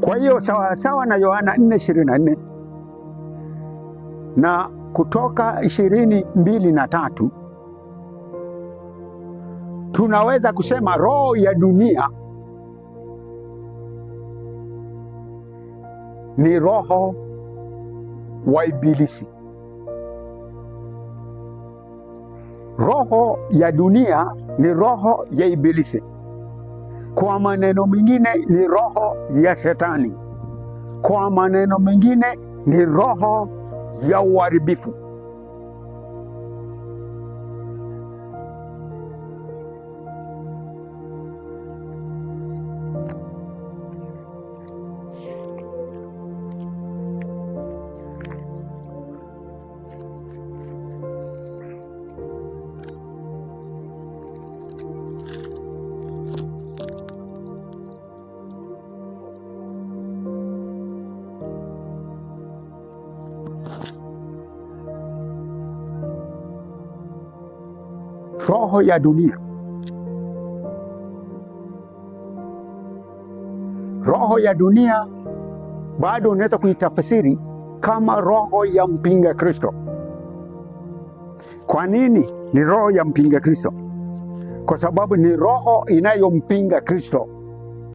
Kwa hiyo sawasawa na Yohana 4:24 na Kutoka 22 na tatu tunaweza kusema roho ya dunia ni roho wa Ibilisi. Roho ya dunia ni roho ya Ibilisi. Kwa maneno mengine ni roho ya Shetani, kwa maneno mengine ni roho ya uharibifu. roho ya dunia, roho ya dunia bado unaweza kuitafsiri kama roho ya mpinga Kristo. Kwa nini ni roho ya mpinga Kristo? Kwa sababu ni roho inayompinga Kristo.